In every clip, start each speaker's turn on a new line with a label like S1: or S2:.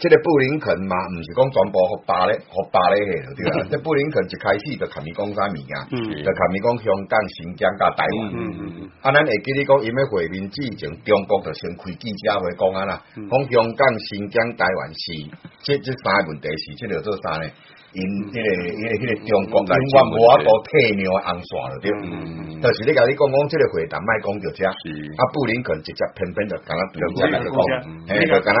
S1: 即、這個布林肯嘛，唔是講全部和巴咧和巴咧係，對、嗯、啊。即布林肯一開始就同說講三面啊，就同他講香港、新疆、台灣。嗯、啊、嗯，咱會記你講，因為回民之前，中國就先開記者會講啦，講、嗯、香港、新疆、台灣是，即即三個問題是即度做晒咧。因呢、這個呢個呢個中國，中國冇一個特喵的紅線，對。嗯嗯嗯。就是你講你講講即個回答，唔係講就是。啊，布林肯直接偏偏就講，就直接講，誒就咁他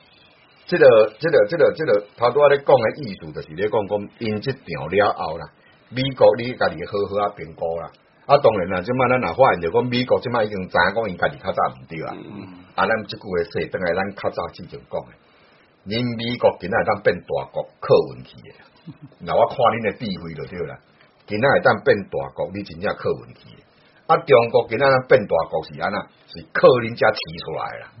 S1: 這個、這個、這個、這個，他拄仔咧講嘅意思，就是咧講講因這場了後啦，美國你家己好好啊評估啦，啊當然啦，即滿咱呐發現就講美國即滿已經知影講，因家己較早唔對啦，啊咱即句話說，等來，咱較早之前講嘅，因美國今仔當變大國靠運氣，那 我看恁嘅智慧就對啦，今仔當變大國，你真正靠運氣，啊中國今仔當變大國是安怎，是靠這家提出來啦。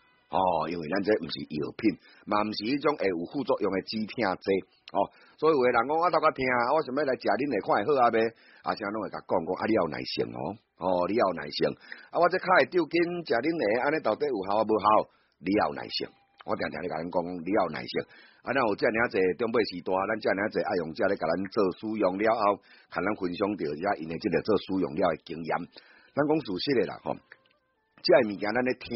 S1: 哦，因為咱這唔是藥品，嘛唔是一種誒有副作用的止痛劑。哦，所以有個人講我到個聽，我想要來食恁嚟看下好啊。咩，阿先攏會甲講講。阿你要耐心哦，哦你要耐心。阿、啊、我即開吊筋食恁嚟，安尼到底有效阿無效？你要耐心。我天天咧甲恁講你要耐心。阿、啊、那我這樣兩隻長輩時代，咱這樣兩隻愛用這類甲咱做使用了後，喊咱分享掉一下，因為即個做使用了嘅經驗。咱講實在嘅啦吼，即個物件咱咧聽。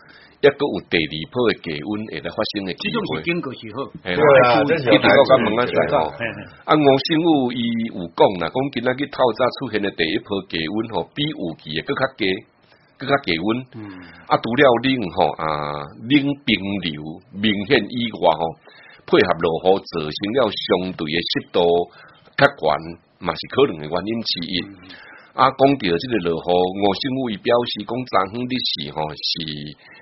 S2: 抑佫有第二波誒，低溫，會來發生誒，即
S3: 會。啊，我先啊，王
S2: 新武伊有講啦，講今仔日透早出現嘅第一波低溫吼，比有期嘅更加低，更加降溫。嗯、啊，除了冷吼啊，冷冰流明顯以外吼，配合落雨造成了相對嘅濕度較懸，嘛是可能嘅原因之一。嗯、啊，講到這個落雨，王新武伊表示講昨昏的時候是。哦是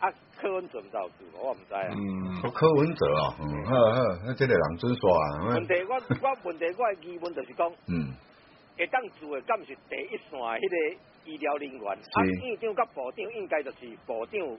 S1: 啊，柯文哲毋知有去無，我毋知啊。嗯，柯文哲啊，嗯，好好，即個人真帥啊。問題我 我問題我誒疑問，就是講，嗯，會當做誒敢毋是第一線嘅迄個醫療人員，啊，院長甲部長應該就是部長。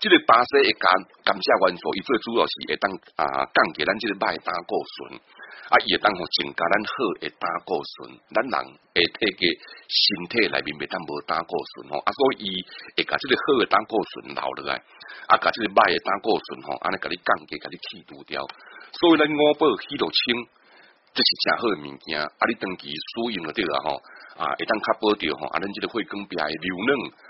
S2: 即、這個巴西一家感謝關注，伊最主要是、呃、會當啊降低咱即個歹膽固醇，啊伊會當吼增加咱好嘅膽固醇，咱人會迄個身體內面會當無膽固醇吼，啊所以伊會甲即個好嘅膽固醇留落來，啊甲即個歹嘅膽固醇吼，安尼甲你降低，甲你去除掉，所以咱五寶許多清，bit，啊、這是誠好嘅物件，啊你長期使用就對啦吼，啊會當卡保掉吼，啊咱即個血更變流嫩。